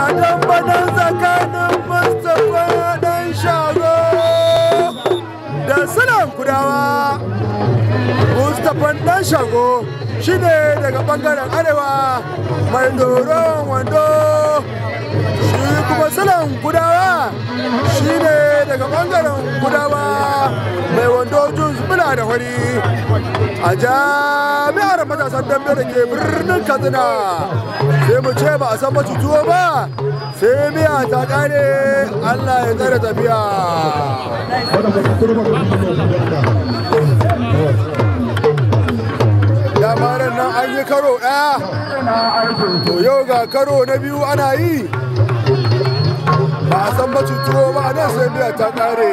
ga dan badan mustapha dan shago da sunan kudawa mustapha shago shine daga bangaren arewa mai doron wando shi kuma salon kudawa shine daga bangaren kudawa mai wando jus muna da hori a jami'ar matasan dambe da ke birnin katsina sai mu ce ba a san tuwo ba sai miya ta kare allah ya tsare tafiya damarar nan an yi karo ɗaya to yau ga karo na biyu ana yi ba a san tuwo ba nan sai miya ta kare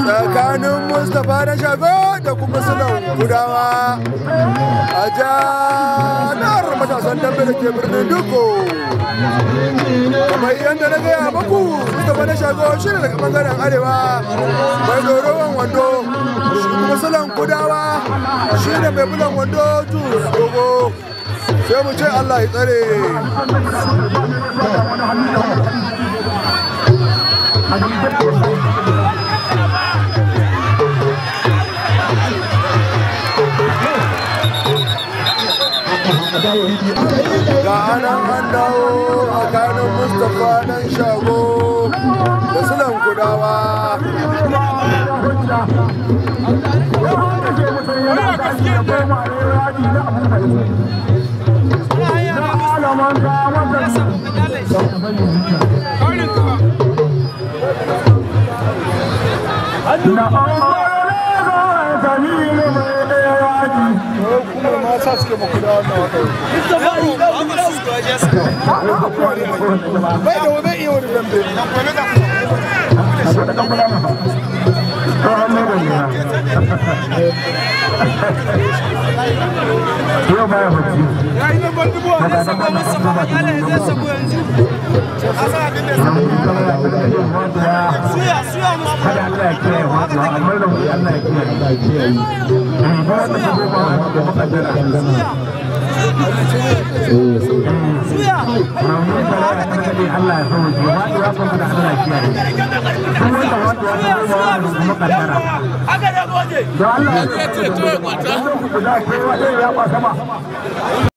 tsakanin mustapha na shago da kuma sunan gudawa a janar matasan dambe da ke birnin duko kamar yadda na gaya muku mustapha na shago shi ne daga bangaren arewa mai dorowan wando shi kuma sunan gudawa shi ne mai bulan wando jus dogo sai mu ce allah ya tsare Thank you. ga anan an dawo a kanin mustapha dan shago da sulan kudawa Na Allah, Bai da wani iya wani dambe. Yau baya hujji. o yi nan bandu buwa zai sabo masa kuma yana zai sabo yanzu. Suya suya kada Allah ya wa amma da wuri ya kiyaye ya kiyaye ya